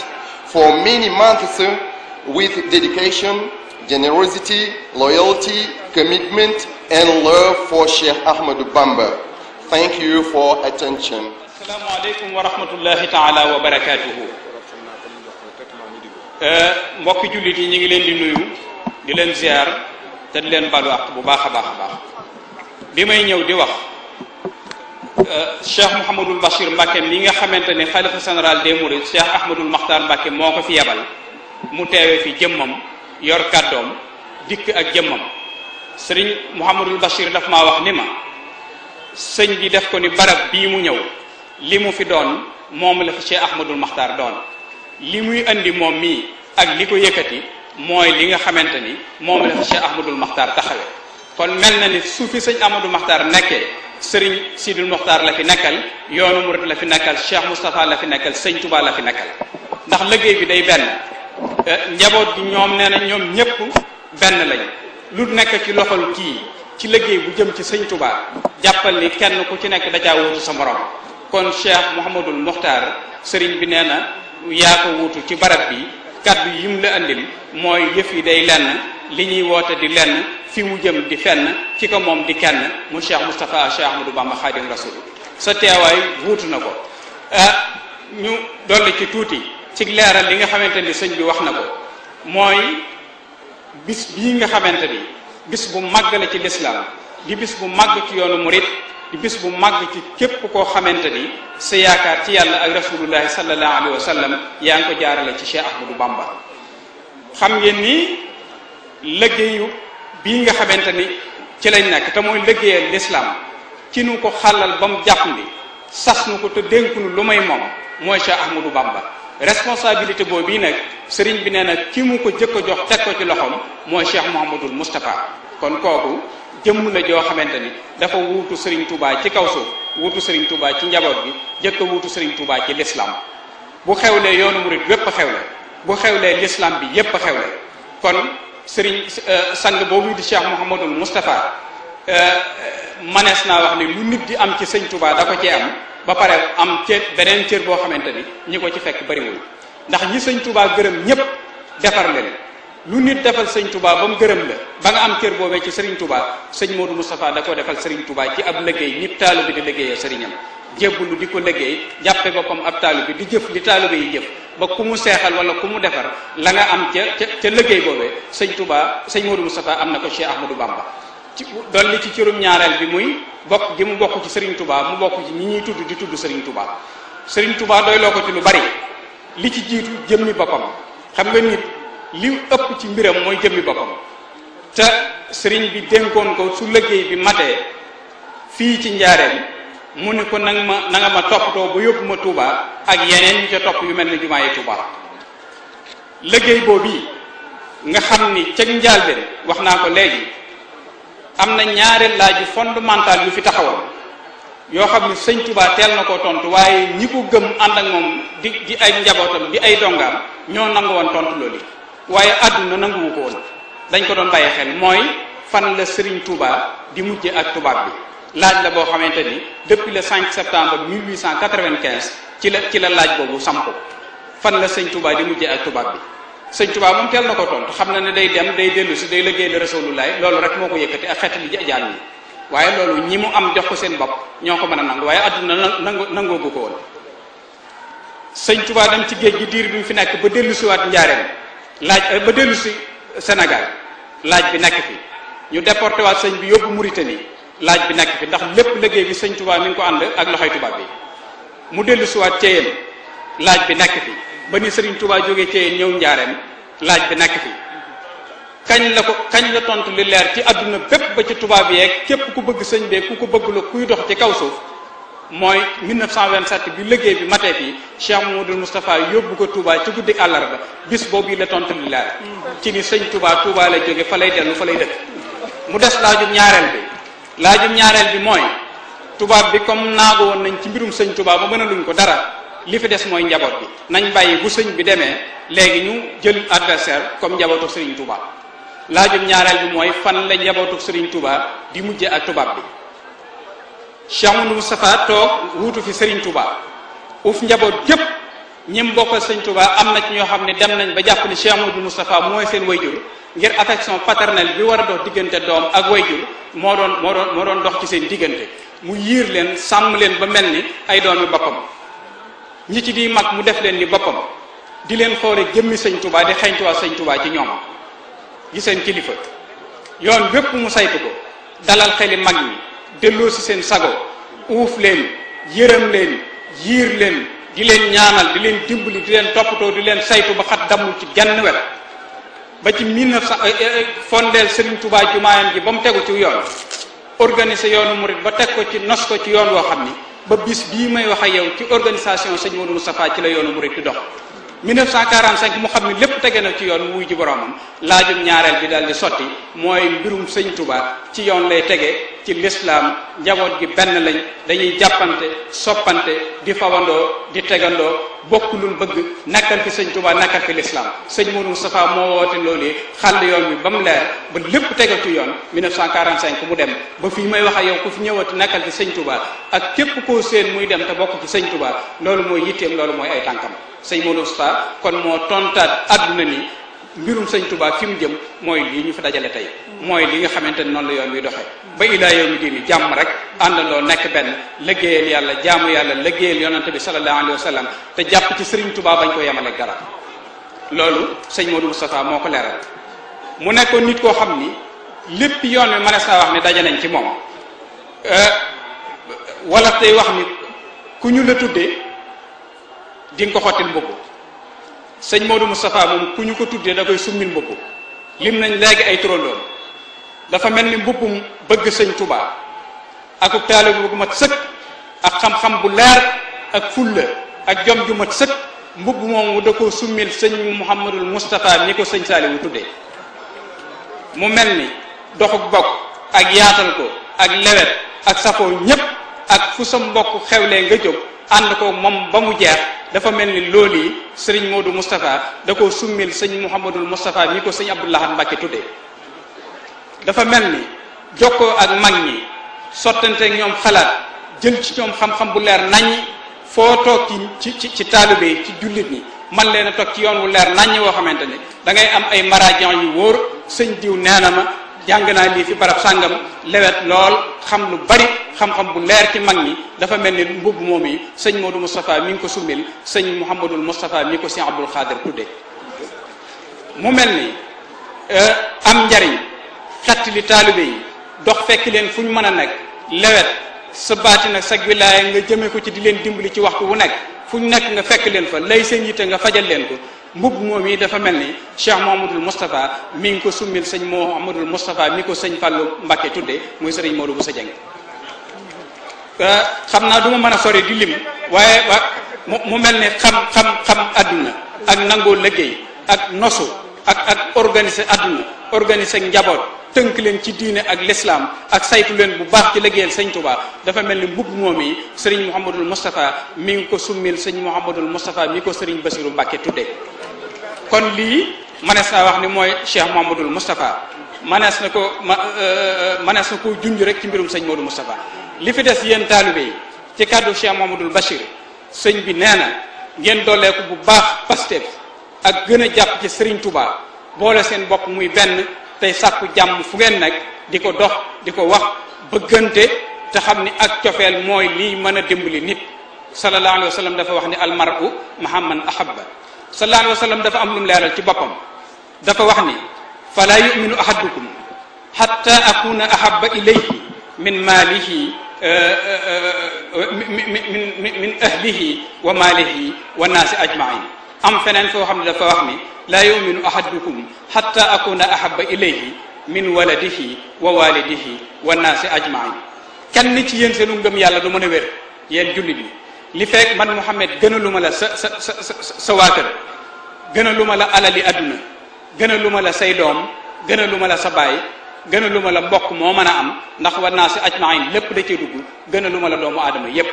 for many months with dedication generosity, loyalty, commitment, and love for Sheikh Ahmadu Bamba. Thank you for attention. Assalamu alaikum wa rahmatullahi ta'ala wa barakatuhu. Eh, mbokki jullit yi ñu ngi leen di nuyu di leen ziar te di leen balu ak bu baax a baax a baax bi may ñëw di wax Cheikh eh, Mouhamadul Bachir Mbacke mi nga xamante ne xalifa général des Mourides Cheikh Ahmadul Makhtar Mbacke moo ko fi yebal mu teewee fi jëmmam. yor kàddoom dikk ak jëmmam sëriñ Mouhamadul Bachir daf maa wax ni ma sëñ bi def ko ni barab bii mu ñëw li mu fi doon moom la fi Cheikh Ahmadul Maxtaar doon li muy indi moom mii ak li ko yëkkati mooy li nga xamante ni moom la fi Cheikh Ahmadul Maxtaar taxawe kon mel na ni su fi sëñ Ahmadul Maxtaar nekkee sëriñ Sidul Maxtaar la fi nekkal yoonu murit la fi nekkal Cheikh Moustapha la fi nekkal sëñ Touba la fi nekkal ndax liggéey bi day benn njaboot gi ñoom nee na ñoom ñépp benn lañ lu nekk ci loxol kii ci liggéey bu jëm ci sëñ Tuubaa jàppal ni kenn ku ci nekk dajaa wuutu sa morom kon Cheikh Mouhamadul Mokhtar sëriñ bi nee na yaa ko wuutu ci barab bi kàddu yim la andil mooy yëf yi day lenn li ñuy woote di lenn fi mu jëm di fenn ci ko moom di kenn mu Cheikh Moustapha Cheikh Ahmadou Bamba Xaadim Rasul sa teewaay wuutu na ko ah, ñu dolli ci tuuti ci leeral li nga xamante ni sëñ bi wax na ko mooy bis bii nga xamante ni bis bu màgg la ci lislaam di bis bu màgg ci yoonu murit di bis bu màgg ci képp koo xamante ni sa yaakaar ci yàlla ak rasulullahi sallallahu alayhi wa yaa ngi ko jaarale ci Cheikh Ahmadou Bamba xam ngeen ni liggéeyu bii nga xamante ni ci lañ nekk te mooy liggéeyal lislaam ci nu ko xàllal ba mu jàpp ni sas nu ko te dénku lu may moom mooy Cheikh Ahmadou Bamba responsabilité boobu yi nag sëriñ bi nee na ki mu ko jëkk jox teg ko ci loxoom mooy Cheikh Mouhamadul Moustapha kon kooku jëmm la joo xamante ni dafa wuutu sëriñ tubaa ci kaw suuf wuutu sëriñ Touba ci njaboot bi jëkk a wuutu sëriñ Touba ci l'islam bu xewlee yoonu murit wépp xewle bu xewlee l'islam bi yépp xewle kon sëriñ euh, sang boobu di Cheikh Mouhamadul Moustapha euh, manees naa wax ne lu nit di am ci sëñ Touba da ko cee am ba pare am cër beneen cër boo xamante ni ñi ko ci fekk bariwul ndax ñi sëñ tubaa gërëm ñëpp defar leen lu nit defal sëñ Touba ba mu gërëm la ba nga am cër boobee ci Serigne Touba sëñ Modou Moustapha da ko defal Serigne Touba ci ab liggéey nit taalu bi di liggéeyee sëriñam jébbalu di ko liggéey jàppe boppam ab taalu bi di jëf li taalu bi ba ku mu seexal wala ku mu defar la am ca ca ca liggéey boobee sëñ Touba sëñ Modou Moustapha am na ko Cheikh Ahmadou Bamba ci dolli ci cërum ñaareel bi muy bokk gi mu bokk ci Serigne Touba mu bokk ci ñi ñuy tudd di tudd Serigne Touba Serigne tubaa doy loo ko ci lu bari li ci jiitu jëmmi boppam xam nga nit li ëpp ci mbiram mooy jëmmi boppam te Serigne bi dénkoon ko su liggéey bi matee fii ci njaareem mu ne ko nanga ma nanga ma toppatoo ba yóbbu ma Touba ak yeneen ñu ca topp yu mel ni jumaa tubaa Touba liggéey boobu nga xam ni ca njaalbeen wax naa ko léegi. am na ñaari laaj yu fondamental yu fi taxawoon yoo xam ne sëñ Tuubaa teel na ko tontu waaye ñi gëm ànd ak moom di di ay njabootam di ay dongaam ñoo nangu woon tontu loolu waaye àdduna nanguwu ko woon dañ ko doon bàyyi xel mooy fan la sëriñ Touba di mujje ak tubaab bi laaj la boo xamante ni depuis le 5 septembre 1895 ci la ci la laaj boobu samp fan la sëñ Touba di mujje ak tubaab bi sëñ Tuubaa moom teel na ko tontu xam na ne day dem day dellu si day liggéey la rasulullaay loolu rek moo ko yëkkati ak xeet bi jaam yi waaye loolu ñi mu am jox ko seen bopp ñoo ko mën a nangu waaye àdduna nangu nangoo gu ko woon sëñ Tuubaa dem ci géej gi diir bi fi nekk ba dellu si waat njaareem laaj ba dellu senegal laaj bi nekk fi ñu déporté waat sëñ bi yóbbu Mauritanie laaj bi nekk fi ndax lépp liggéey bi sëñ Tuubaa mi ngi ko ànd ak loxoy tubaab bi mu dellu si laaj bi nekk fi ba ni Serigne Touba jógee ci ñëw njaareem laaj bi nekk fi kañ la ko kañ la tontu li leer ci àdduna bépp ba ci tubaab yeeg képp ku bëgg sëñ bee ku ko bëgg la kuy dox ci kaw suuf mooy 1927 bi liggéey bi matee fii Cheikh Mouhamadoul Moustapha yóbbu ko tuubaa ci guddi àllarba bis boobu yi la tontu li ci ni sëñ Touba Touba lay jóge fa lay dellu fa lay dëkk mu des laajum ñaareel bi laajum ñaareel bi mooy tubaab bi comme naago woon nañ ci mbirum sëñ Touba ba mën a luñ ko dara li fi des mooy njaboot bi nañ bàyyi bu sëñ bi demee léegi ñu jël adversaire comme njabootu Serigne Touba laajum ñaareel bi mooy fan la njabootu sëriñ Touba di mujje ak tubaab bi Cheikh Mouhamadou Moustapha toog wuutu fi Serigne Touba uf njaboot gépp ñim bokkal Serigne Touba am na ci ñoo xam ne dem nañ ba jàpp ni Cheikh Mouhamadou Moustapha mooy seen wayjur ngir affection paternelle bi war a dox diggante doom ak wayjur moo moo doon moo doon dox ci seen diggante mu yiir leen sàmm leen ba mel ni ay doomi boppam ñi ci di mag mu def leen ni boppam di leen xoole jëmmi sañ tubaa di xeeñtuwaat sëñ tubaa ci ñoom gi seen kilifa yoon bépp mu saytu ko dalal xeli mag ñi delloo si seen sago uuf leen yërëm leen yiir leen di leen ñaanal di leen dimbali di leen toppatoo di leen saytu ba xat dammul ci genn wet ba ci 1900 eh, eh, fondeel Serigne Touba jumaayam ji ba mu tegu ci yoon organiser yoonu murit ba teg ko ci nos ko ci yoon woo xam ni ba bis bii may wax ak yow ci organisation sëñ Modou Moustapha ci la yoonu mu murid di dox 1945 mu xam ne lépp tege na ci yoon wuy ji boromam laajum ñaareel bi daal di sotti mooy mbirum sëñ Touba ci yoon lay tege ci lislaam njaboot gi benn lañ dañuy jàppante soppante di fawandoo di tegandoo bokk luñ bëgg nekkal fi sëñ Tuubaa nekkal fi lislaam sëñ Mourou Moustapha moo woote loolu xàll yoon bi ba mu leer ba lépp tegatu yoon 1945 mu dem ba fi may wax ak yow ku fi ñëwati nekkal fi sëñ Tuubaa ak képp koo séen muy dem te bokk ci sëñ Tuubaa loolu mooy yitteem loolu mooy ay tànkam sëñ Mourou Moustapha kon moo tontaat àdduna ni mbirum sëñ Tuubaa fi mu jëm mooy lii ñu fi dajale tey mooy li nga xamante ne noonu la yoon wi doxee ba ilaa yawmi diini jàmm rek àndandoo nekk benn liggéeyal yàlla jaamu yàlla liggéeyal yonante bi sallallahu alayhi wa sallam te jàpp ci Serigne Touba bañ ko yemale garab loolu sëñ Modou Moustapha moo ko leeral mu nekkoon nit koo xam ni lépp yoon wi mënees ne daje nañ ci moom euh, wala tey wax ni ku ñu la tuddee di nga ko xottil mbubb sëñ moom ku ñu ko tuddee da koy summil mbubb lim nañ léegi ay turandoom dafa mel ni mbubbum bëgg sëñ tubaa akuk taalibu bu mat sëkk ak xam-xam bu leer ak fulla ak jom ju mat sëkk mbubb moomu da koo summil sëñ Muhammadul Moustapha ni ko sëñ Saaliwu tuddee mu mel ni doxuk bokk ak yaatal ko ak lewet ak safoo ñépp ak fu sa mbokk xewlee nga jóg ànd ko moom ba mu jeex dafa mel ni loolu yi sëriñ Modou Moustapha da koo summil sëñ Muhammadul Moustapha ni ko sëñ Abdoulahan Mbàkke tuddee dafa mel ni jokkoo ak mag ñi sottanteeg ñoom xalaat jël ci ñoom xam-xam bu leer naññ foo toog ci ci ci ci jullit ñi man leen a toog ci yoon wu leer naññ woo xamante ni da am ay marajan yi wóor sëñ diw nee na ma jàng naa lii fi barab sàngam lewet lool xam lu bari xam-xam bu leer ci mag ñi dafa mel ni mbubb moom yi sëñ Modou Moustapha mi ngi ko summil sëñ Mouhamadul Moustapha mi ko sëñ Abdul Xaadir tudde mu mel ni euh, am njariñ xettali taalibe yi dox fekk leen fu ñu mën a nekk lewet sa baati nag sag wilaaya nga jëme ko ci di leen dimbali ci waxtu wu nekk fu ñu nekk nga fekk leen fa lay seen yitte nga fajal leen ko mbubb moom yi dafa mel ni Cheikh Mouhamadul Moustapha mi ngi ko summil sëñ Mouhamadul Moustapha mi ko sañ Fallou Mbacké tudde muy sëriñ Modou Bousso Dieng xam naa du mën a sori di lim waaye mu mel ni xam xam xam àdduna ak nangoo liggéey ak nosu ak ak organiser adduna organiser njaboot tënk leen ci diine ak lislaam ak saytu leen bu baax ci liggéeyal sëñ Touba dafa mel ni mbubb moom yi sëriñ Mouhamadul Moustapha mi ngi ko summil sëñ Mouhamadul Moustapha mi ko sëriñ Basiru Mbàkke tudde kon lii manees naa wax ni mooy Cheikh Mouhamadul Moustapha manees na ko ma euh, euh, manees na ko junj rek ci mbirum sëñ Modou Moustapha li fi des yéen taalibe ci kàddu Cheikh Mouhamadul Bachir sëñ bi nee na ngeen dooleeku bu baax Pastef ak gën a jàpp ci Serigne Touba boole seen bopp muy benn tey sàkku jàmm fu nag di ko dox di ko wax bëggante te xam ni ak cofeel mooy lii mën a dimbali nit sallallahu alayhi wa dafa wax ni almaru mahamman ahabba sallallahu alayhi wa sallam dafa am lu leeral ci boppam dafa wax ni fala yuminu ahadukum xatta akuna ahabba ilayhi min maalihi eh, eh, eh, min min min ahlihi wa maalihi wa naasi ajmain am feneen foo xam ne dafa wax ni laa yuminu ahadukum xatta akuna ahaba ilayhi min waladihi wa walidihi wa naasi ajmain kenn ci yéen seenu ngëm yàlla du mën a wér yéen jullit ñi li fekk man Muhammad gënaluma la sa sa sa sa waa kër gënaluma la alali àdduna gënaluma la say doom gënaluma la sa baay gënaluma la mbokk moo mën a am ndax wa naasi ajmain lépp da cee dugg gënaluma la doomu aadama yépp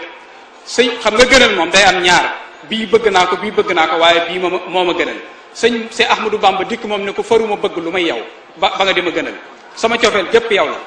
sëñ xam nga gënal moom day am ñaar bii bëgg naa ko bii bëgg naa ko waaye bii moom a ma gënal sëñ se Ahmadou Bamba dikk moom ne ko faruma bëgg lu may yow ba ba nga di ma gënal sama cofeel gépp yow la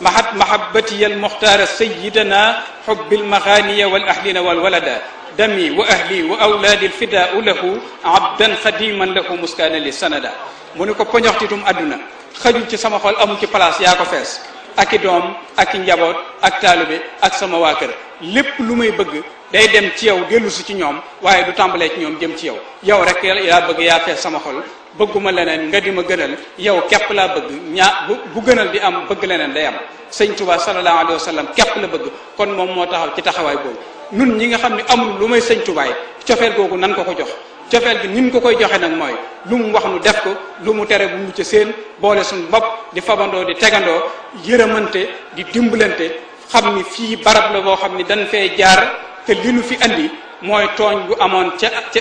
mahat mahabbati al muxtaara sayidana xubbil maxaaniya wal ahlina wal walada dami wa ahli wa awlaadi lfidaa lahu abdan xadiman lahu muskaana li sanada mu ne ko poñoxtitum àdduna xajul ci sama xool amul ci place yaa ko fees ak i doom ak i njaboot ak taalibe ak sama waa kër lépp lu may bëgg day dem ci yow dellu si ci ñoom waaye du tàmbalee ci ñoom jëm ci yow yow rek yaa bëgg yaa fees sama xol bëgguma leneen nga di ma gënal yow képp laa bëgg ñaa bu gënal bi am bëgg leneen day am sëñ Tuubaa sallallahu alayhi wa sallam la bëgg kon moom moo taxaw ci taxawaay boobu nun ñi nga xam ne amul lu may sëñ Tuubaa cofeel googu nan ko ko jox cofeel gi ni mu ko koy joxe nag mooy lu mu wax nu def ko lu mu tere bu mu ca seen boole suñu bopp di fabandoo di tegandoo yërëmante di dimbalante xam ni fii barab la boo xam ni dañ fee jaar te li nu fi andi mooy tooñ bu amoon ca ca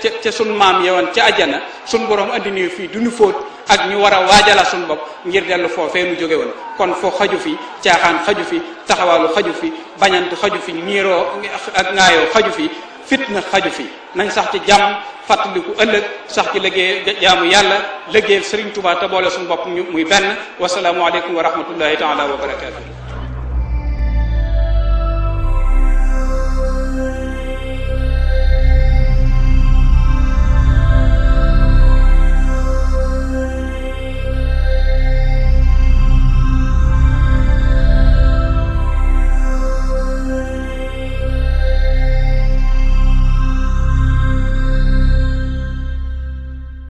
ca ca sunu maam yewoon ca ajana sunu borom andi nii fii du fóot ak ñu war a waajala sunu bopp ngir dellu foofee nu jóge woon kon foo xaju fi caaxaan xaju fi taxawaalu xaju fi bañantu xaju fi niiroo ak ngaayoo xaju fi fitna xaju fi nañ sax ci jàmm ku ëllëg sax ci liggéey jaamu yàlla liggéey Sëriñ Tuubaa te boole suñu bopp muy benn wa wasalaamualeykum wa rahmatullahi taala wa barakaatu